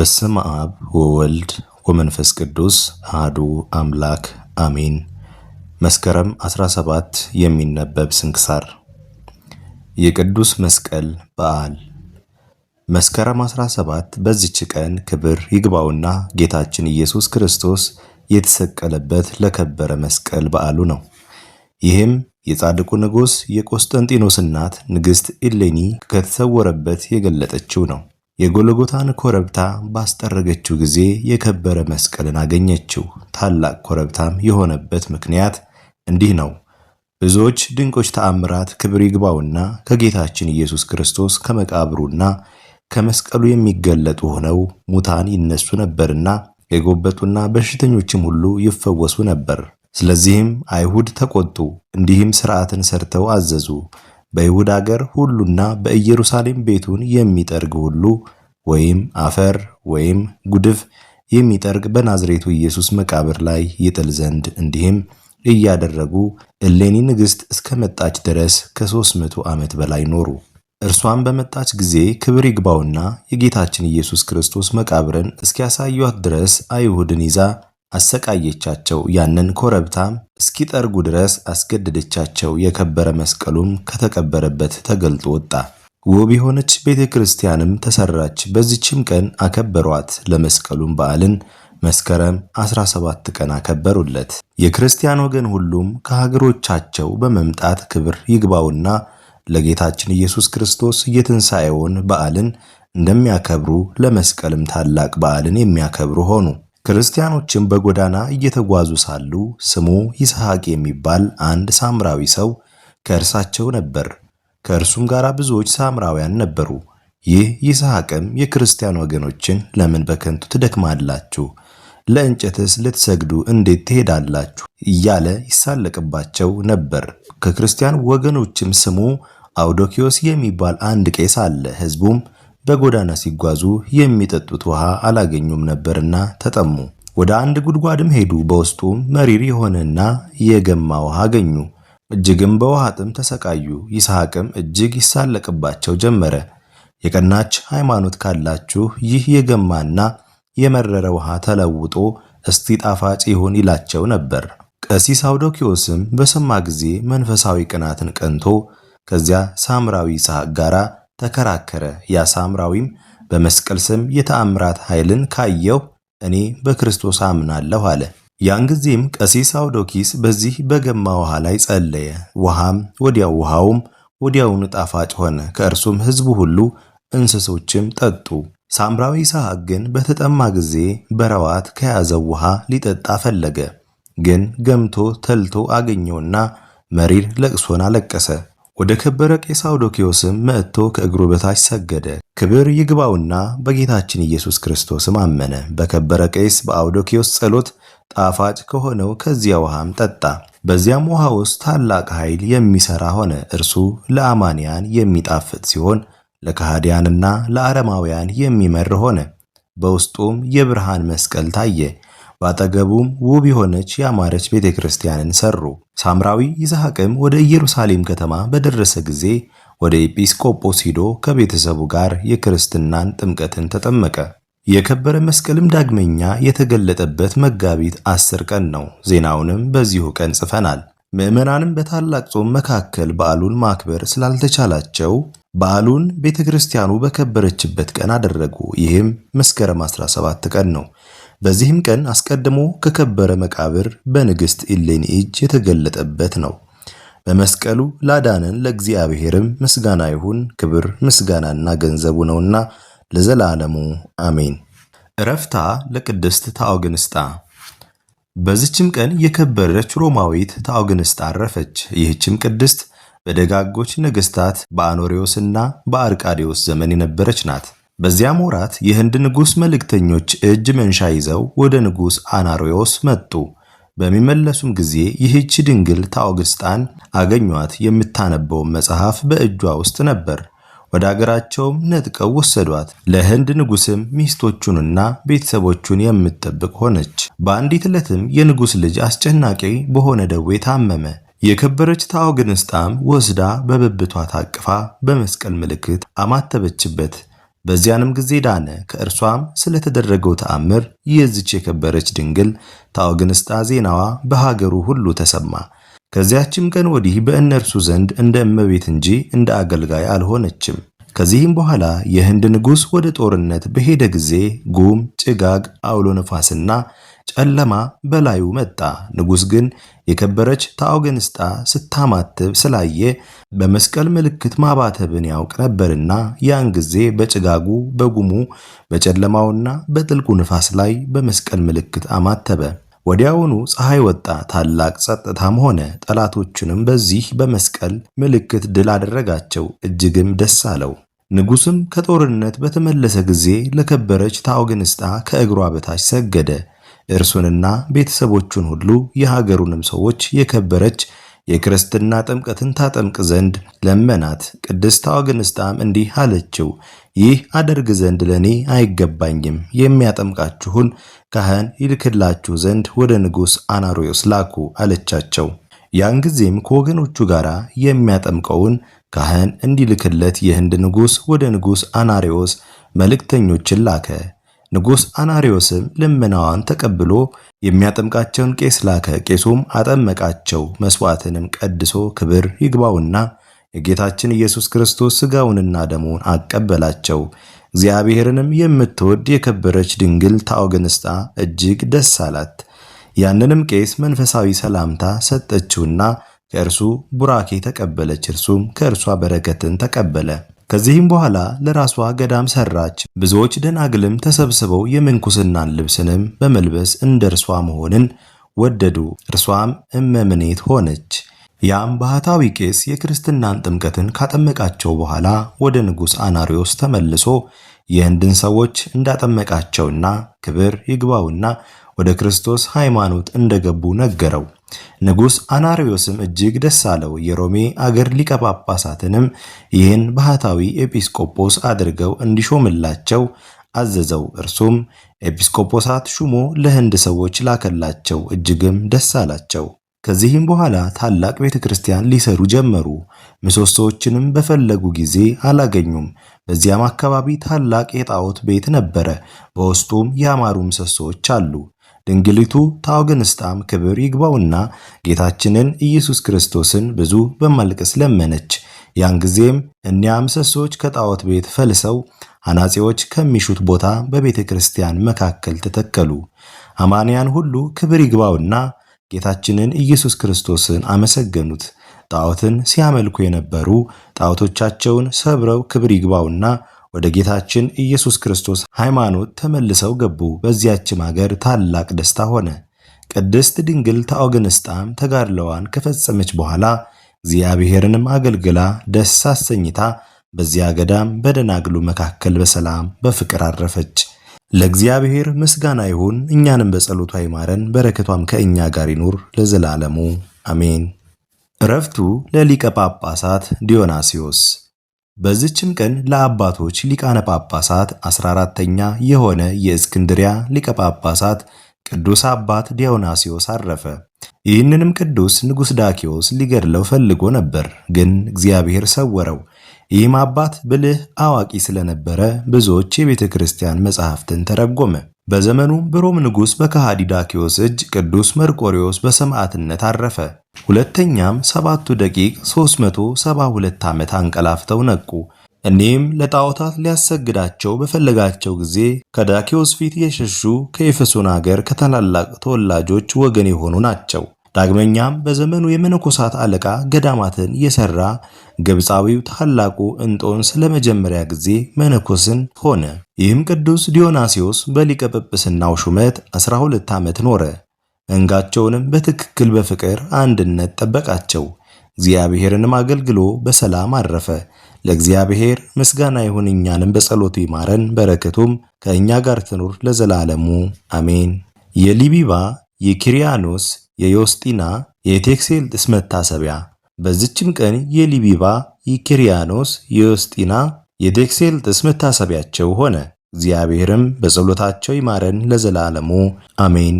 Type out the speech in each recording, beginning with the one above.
በስም አብ ወወልድ ወመንፈስ ቅዱስ አህዱ አምላክ አሜን። መስከረም 17 የሚነበብ ስንክሳር የቅዱስ መስቀል በዓል መስከረም 17 በዚች ቀን ክብር ይግባውና ጌታችን ኢየሱስ ክርስቶስ የተሰቀለበት ለከበረ መስቀል በዓሉ ነው። ይህም የጻድቁ ንጉሥ የቆስጠንጢኖስ እናት ንግሥት ኢሌኒ ከተሰወረበት የገለጠችው ነው። የጎልጎታን ኮረብታ ባስጠረገችው ጊዜ የከበረ መስቀልን አገኘችው። ታላቅ ኮረብታም የሆነበት ምክንያት እንዲህ ነው። ብዙዎች ድንቆች ተአምራት ክብር ይግባውና ከጌታችን ኢየሱስ ክርስቶስ ከመቃብሩና ከመስቀሉ የሚገለጡ ሆነው ሙታን ይነሱ ነበርና የጎበጡና በሽተኞችም ሁሉ ይፈወሱ ነበር። ስለዚህም አይሁድ ተቆጡ፣ እንዲህም ሥርዓትን ሰርተው አዘዙ። በይሁዳ አገር ሁሉና በኢየሩሳሌም ቤቱን የሚጠርግ ሁሉ ወይም አፈር ወይም ጉድፍ የሚጠርግ በናዝሬቱ ኢየሱስ መቃብር ላይ ይጥል ዘንድ እንዲህም እያደረጉ እሌኒ ንግሥት እስከመጣች ድረስ ከሦስት መቶ ዓመት በላይ ኖሩ። እርሷን በመጣች ጊዜ ክብር ይግባውና የጌታችን ኢየሱስ ክርስቶስ መቃብርን እስኪያሳዩት ድረስ አይሁድን ይዛ አሰቃየቻቸው። ያንን ኮረብታም እስኪጠርጉ ድረስ አስገደደቻቸው። የከበረ መስቀሉም ከተቀበረበት ተገልጦ ወጣ። ውብ የሆነች ቤተ ክርስቲያንም ተሰራች። በዚችም ቀን አከበሯት። ለመስቀሉም በዓልን መስከረም 17 ቀን አከበሩለት። የክርስቲያን ወገን ሁሉም ከሀገሮቻቸው በመምጣት ክብር ይግባውና ለጌታችን ኢየሱስ ክርስቶስ የትንሣኤውን በዓልን እንደሚያከብሩ ለመስቀልም ታላቅ በዓልን የሚያከብሩ ሆኑ። ክርስቲያኖችን በጎዳና እየተጓዙ ሳሉ ስሙ ይስሐቅ የሚባል አንድ ሳምራዊ ሰው ከእርሳቸው ነበር። ከእርሱም ጋር ብዙዎች ሳምራውያን ነበሩ። ይህ ይስሐቅም የክርስቲያን ወገኖችን ለምን በከንቱ ትደክማላችሁ? ለእንጨትስ ልትሰግዱ እንዴት ትሄዳላችሁ? እያለ ይሳለቅባቸው ነበር። ከክርስቲያን ወገኖችም ስሙ አውዶኪዮስ የሚባል አንድ ቄስ አለ። ሕዝቡም በጎዳና ሲጓዙ የሚጠጡት ውሃ አላገኙም ነበርና ተጠሙ። ወደ አንድ ጉድጓድም ሄዱ። በውስጡም መሪር የሆነና የገማ ውሃ አገኙ። እጅግም በውሃ ጥም ተሰቃዩ። ይስሐቅም እጅግ ይሳለቅባቸው ጀመረ። የቀናች ሃይማኖት ካላችሁ ይህ የገማና የመረረ ውሃ ተለውጦ እስቲ ጣፋጭ ይሁን ይላቸው ነበር። ቀሲስ አውዶኪዎስም በሰማ ጊዜ መንፈሳዊ ቅናትን ቀንቶ ከዚያ ሳምራዊ ይስሐቅ ጋር ተከራከረ። ያ ሳምራዊም በመስቀል ስም የተአምራት ኃይልን ካየው እኔ በክርስቶስ አምናለሁ አለ። ያን ጊዜም ቀሲስ አውዶኪስ በዚህ በገማ ውሃ ላይ ጸለየ። ውሃም ወዲያው ውሃውም ወዲያውኑ ጣፋጭ ሆነ። ከእርሱም ሕዝቡ ሁሉ እንስሶችም ጠጡ። ሳምራዊ ይስሐቅ ግን በተጠማ ጊዜ በረዋት ከያዘው ውሃ ሊጠጣ ፈለገ። ግን ገምቶ ተልቶ አገኘውና መሪር ለቅሶን አለቀሰ። ወደ ከበረ ቄሳውዶኪዮስም መጥቶ ከእግሩ በታች ሰገደ። ክብር ይግባውና በጌታችን ኢየሱስ ክርስቶስም አመነ። በከበረ ቄስ በአውዶኪዮስ ጸሎት ጣፋጭ ከሆነው ከዚያ ውሃም ጠጣ። በዚያም ውሃ ውስጥ ታላቅ ኃይል የሚሠራ ሆነ። እርሱ ለአማንያን የሚጣፍጥ ሲሆን ለካህዲያንና ለአረማውያን የሚመር ሆነ። በውስጡም የብርሃን መስቀል ታየ። በአጠገቡም ውብ የሆነች ያማረች ቤተ ክርስቲያንን ሰሩ። ሳምራዊ ይስሐቅም ወደ ኢየሩሳሌም ከተማ በደረሰ ጊዜ ወደ ኤጲስቆጶስ ሂዶ ከቤተሰቡ ጋር የክርስትናን ጥምቀትን ተጠመቀ። የከበረ መስቀልም ዳግመኛ የተገለጠበት መጋቢት አስር ቀን ነው። ዜናውንም በዚሁ ቀን ጽፈናል። ምዕመናንም በታላቅ ጾም መካከል በዓሉን ማክበር ስላልተቻላቸው በዓሉን ቤተ ክርስቲያኑ በከበረችበት ቀን አደረጉ። ይህም መስከረም 17 ቀን ነው። በዚህም ቀን አስቀድሞ ከከበረ መቃብር በንግሥት ኢሌኒ እጅ የተገለጠበት ነው። በመስቀሉ ላዳነን ለእግዚአብሔርም ምስጋና ይሁን፣ ክብር ምስጋናና ገንዘቡ ነውና ለዘላለሙ አሜን። እረፍታ ለቅድስት ታኦግንስጣ። በዚችም ቀን የከበረች ሮማዊት ታኦግንስጣ አረፈች። ይህችም ቅድስት በደጋጎች ነገሥታት በአኖሬዎስና በአርቃዴዎስ ዘመን የነበረች ናት። በዚያም ወራት የህንድ ንጉሥ መልእክተኞች እጅ መንሻ ይዘው ወደ ንጉሥ አናሮዮስ መጡ። በሚመለሱም ጊዜ ይህች ድንግል ታኦግስጣን አገኟት። የምታነበውን መጽሐፍ በእጇ ውስጥ ነበር። ወደ አገራቸውም ነጥቀው ወሰዷት። ለህንድ ንጉሥም ሚስቶቹንና ቤተሰቦቹን የምትጠብቅ ሆነች። በአንዲት ዕለትም የንጉሥ ልጅ አስጨናቂ በሆነ ደዌ ታመመ። የከበረች ታኦግንስጣም ወስዳ በብብቷ ታቅፋ በመስቀል ምልክት አማተበችበት። በዚያንም ጊዜ ዳነ። ከእርሷም ስለተደረገው ተአምር የዚች የከበረች ድንግል ታወግንስታ ዜናዋ በሃገሩ ሁሉ ተሰማ። ከዚያችም ቀን ወዲህ በእነርሱ ዘንድ እንደ እመቤት እንጂ እንደ አገልጋይ አልሆነችም። ከዚህም በኋላ የህንድ ንጉሥ ወደ ጦርነት በሄደ ጊዜ ጉም፣ ጭጋግ፣ አውሎ ነፋስና ጨለማ በላዩ መጣ። ንጉሥ ግን የከበረች ታኦገንስጣ ስታማትብ ስላየ በመስቀል ምልክት ማባተብን ያውቅ ነበርና ያን ጊዜ በጭጋጉ በጉሙ በጨለማውና በጥልቁ ንፋስ ላይ በመስቀል ምልክት አማተበ። ወዲያውኑ ፀሐይ ወጣ፣ ታላቅ ጸጥታም ሆነ። ጠላቶቹንም በዚህ በመስቀል ምልክት ድል አደረጋቸው፣ እጅግም ደስ አለው። ንጉስም ከጦርነት በተመለሰ ጊዜ ለከበረች ታውግንስታ ከእግሯ በታች ሰገደ። እርሱንና ቤተሰቦቹን ሁሉ የሀገሩንም ሰዎች የከበረች የክርስትና ጥምቀትን ታጠምቅ ዘንድ ለመናት። ቅድስት አውግንስጣም እንዲህ አለችው፣ ይህ አደርግ ዘንድ ለእኔ አይገባኝም። የሚያጠምቃችሁን ካህን ይልክላችሁ ዘንድ ወደ ንጉሥ አናሮዮስ ላኩ አለቻቸው። ያን ጊዜም ከወገኖቹ ጋር የሚያጠምቀውን ካህን እንዲልክለት የህንድ ንጉሥ ወደ ንጉሥ አናሪዎስ መልእክተኞችን ላከ። ንጉሥ አናሪዮስም ልመናዋን ተቀብሎ የሚያጠምቃቸውን ቄስ ላከ። ቄሱም አጠመቃቸው። መስዋዕትንም ቀድሶ ክብር ይግባውና የጌታችን ኢየሱስ ክርስቶስ ሥጋውንና ደሙን አቀበላቸው። እግዚአብሔርንም የምትወድ የከበረች ድንግል ታኦገንስጣ እጅግ ደስ አላት። ያንንም ቄስ መንፈሳዊ ሰላምታ ሰጠችውና ከእርሱ ቡራኬ ተቀበለች። እርሱም ከእርሷ በረከትን ተቀበለ። ከዚህም በኋላ ለራሷ ገዳም ሰራች። ብዙዎች ደናግልም ተሰብስበው የምንኩስናን ልብስንም በመልበስ እንደ እርሷ መሆንን ወደዱ። እርሷም እመምኔት ሆነች። ያም ባህታዊ ቄስ የክርስትናን ጥምቀትን ካጠመቃቸው በኋላ ወደ ንጉሥ አናሪዎስ ተመልሶ የህንድን ሰዎች እንዳጠመቃቸውና ክብር ይግባውና ወደ ክርስቶስ ሃይማኖት እንደገቡ ነገረው። ንጉሥ አናርዮስም እጅግ ደስ አለው። የሮሜ አገር ሊቀ ጳጳሳትንም ይህን ባህታዊ ኤጲስቆጶስ አድርገው እንዲሾምላቸው አዘዘው። እርሱም ኤጲስቆጶሳት ሹሞ ለህንድ ሰዎች ላከላቸው። እጅግም ደስ አላቸው። ከዚህም በኋላ ታላቅ ቤተ ክርስቲያን ሊሰሩ ጀመሩ። ምሰሶዎችንም በፈለጉ ጊዜ አላገኙም። በዚያም አካባቢ ታላቅ የጣዖት ቤት ነበረ። በውስጡም ያማሩ ምሰሶዎች አሉ። ድንግሊቱ ታውግንስጣም ክብር ይግባውና ጌታችንን ኢየሱስ ክርስቶስን ብዙ በማልቀስ ለመነች። ያን ጊዜም እኒያ ምሰሶች ከጣዖት ቤት ፈልሰው አናጺዎች ከሚሹት ቦታ በቤተ ክርስቲያን መካከል ተተከሉ። አማንያን ሁሉ ክብር ይግባውና ጌታችንን ኢየሱስ ክርስቶስን አመሰገኑት። ጣዖትን ሲያመልኩ የነበሩ ጣዖቶቻቸውን ሰብረው ክብር ይግባውና ወደ ጌታችን ኢየሱስ ክርስቶስ ሃይማኖት ተመልሰው ገቡ። በዚያችም አገር ታላቅ ደስታ ሆነ። ቅድስት ድንግል ታኦግንስጣም ተጋድለዋን ከፈጸመች በኋላ እግዚአብሔርንም አገልግላ ደስ አሰኝታ በዚያ ገዳም በደናግሉ መካከል በሰላም በፍቅር አረፈች። ለእግዚአብሔር ምስጋና ይሁን። እኛንም በጸሎቷ አይማረን፣ በረከቷም ከእኛ ጋር ይኑር ለዘላለሙ አሜን። እረፍቱ ለሊቀ ጳጳሳት ዲዮናሲዮስ በዚችም ቀን ለአባቶች ሊቃነ ጳጳሳት 14ተኛ የሆነ የእስክንድሪያ ሊቀ ጳጳሳት ቅዱስ አባት ዲዮናስዮስ አረፈ። ይህንንም ቅዱስ ንጉሥ ዳኪዎስ ሊገድለው ፈልጎ ነበር፣ ግን እግዚአብሔር ሰወረው። ይህም አባት ብልህ አዋቂ ስለነበረ ብዙዎች የቤተ ክርስቲያን መጽሐፍትን ተረጎመ። በዘመኑ በሮም ንጉሥ በከሃዲ ዳኪዎስ እጅ ቅዱስ መርቆሪዎስ በሰማዕትነት አረፈ። ሁለተኛም ሰባቱ ደቂቅ 372 ዓመት አንቀላፍተው ነቁ። እኒህም ለጣዖታት ሊያሰግዳቸው በፈለጋቸው ጊዜ ከዳኪዎስ ፊት የሸሹ ከኤፌሶን አገር ከታላላቅ ተወላጆች ወገን የሆኑ ናቸው። ዳግመኛም በዘመኑ የመነኮሳት አለቃ ገዳማትን የሰራ ግብፃዊው ታላቁ እንጦንስ ለመጀመሪያ ጊዜ መነኮስን ሆነ። ይህም ቅዱስ ዲዮናሲዮስ በሊቀ ጵጵስናው ሹመት 12 ዓመት ኖረ። መንጋቸውንም በትክክል በፍቅር አንድነት ጠበቃቸው። እግዚአብሔርንም አገልግሎ በሰላም አረፈ። ለእግዚአብሔር ምስጋና ይሁን፣ እኛንም በጸሎቱ ይማረን፣ በረከቱም ከእኛ ጋር ትኑር ለዘላለሙ አሜን። የሊቢባ የኪሪያኖስ የዮስጢና የቴክሴል ጥስ መታሰቢያ። በዚችም ቀን የሊቢባ የኪሪያኖስ የዮስጢና የቴክሴል ጥስ መታሰቢያቸው ሆነ። እግዚአብሔርም በጸሎታቸው ይማረን ለዘላለሙ አሜን።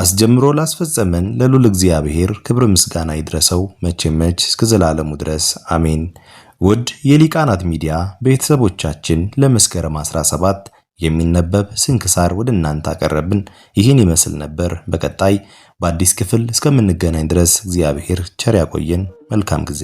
አስጀምሮ ላስፈጸመን ለሉል እግዚአብሔር ክብር ምስጋና ይድረሰው መቼም መች እስከ ዘላለሙ ድረስ አሜን። ውድ የሊቃናት ሚዲያ ቤተሰቦቻችን ለመስከረም 17 የሚነበብ ስንክሳር ወደ እናንተ አቀረብን። ይህን ይመስል ነበር። በቀጣይ በአዲስ ክፍል እስከምንገናኝ ድረስ እግዚአብሔር ቸር ያቆየን። መልካም ጊዜ